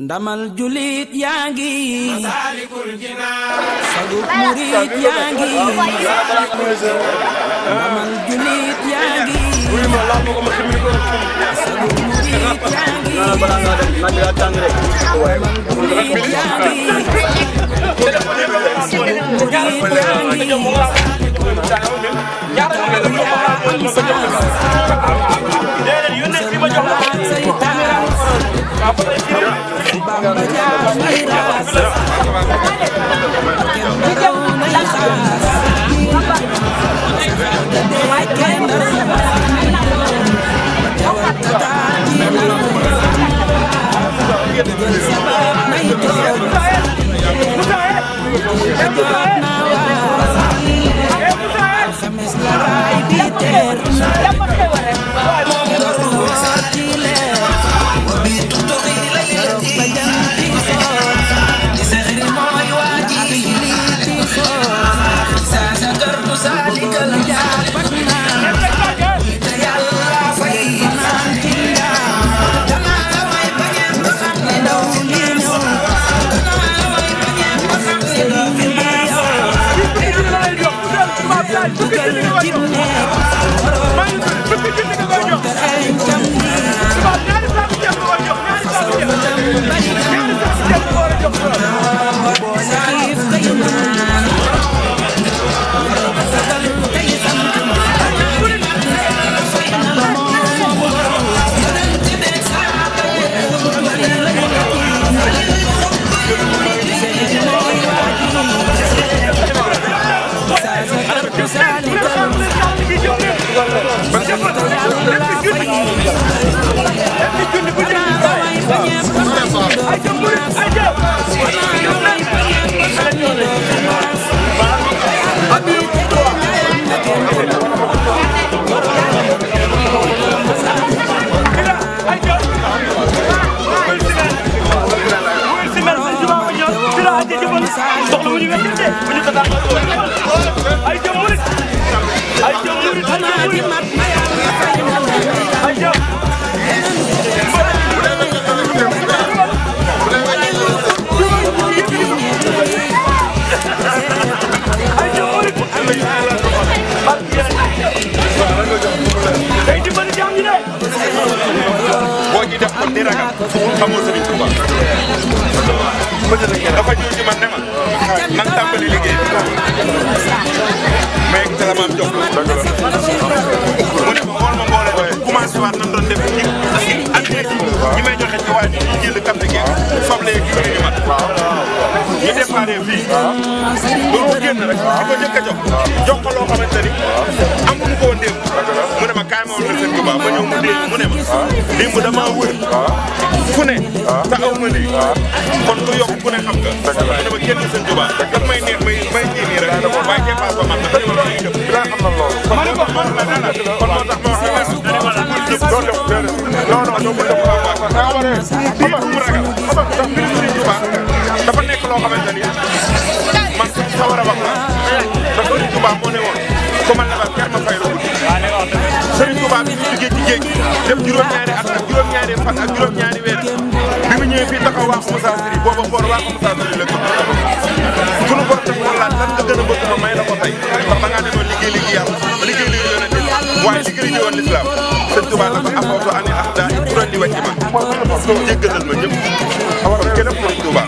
ndamal julit yaa ngi Masaalikul Jinaan sagu murit yaa ngi ndamal julit yaa ngi sagu murit yaa ngi ndamal julit yaa ngi Jaara Google soxla wu ñu wér de bu ñu ko ay jëm murit ay jëm murit am di ragal xamoo sëriñ Tuuba dafa ñëw ci man ne ma nan tàmbali liggéey mais te sama am jox mu ne ma woon ma mbooloo commencé waat nan doon def ñi ak ñi may joxe ci waa ji ñu jël kam ne geeg fab lee gi ñu mat ñu déparé fii loolu bu génn rek di ko jëkk a jox jox ko loo xamante ni yërmande kon du yokk ku ne xam nga mu ne ma génn sëñ Tuubaa daf may neex may may kii nii rek waaye kee paas ba man dafa ñëwal may jëm bi laa xam na loolu kon moo tax ma wax non non doo ko def waa waa da nga war a bii mu ragal xam nga mbirum sëñ Tuubaa dafa nekk loo xamante ni man sa war a wax la dafa sëñ Tuubaa moo ne woon ko man la ker ma fay la Sëriñ Tuubaa bi ñu liggéey ci géej def juróom-ñaari at ak juróom-ñaari fan ak juróom-ñaari weer ñëwee fii taxaw waaxu Moussa Siri booba boor waaxu Moussa Siri la tudd. sunu borom nag moo laaj lan nga gën a bëgg ma may la ko tey ndax da ngaa demoon liggéey liggéey a liggéey liggéey yoon a waaye liggéey li yoon lislaam sëñ Tuubaa la ko apporto ani ak daa turan di wàcc ma jéggalal ma ñëpp kon kenn ku Tuubaa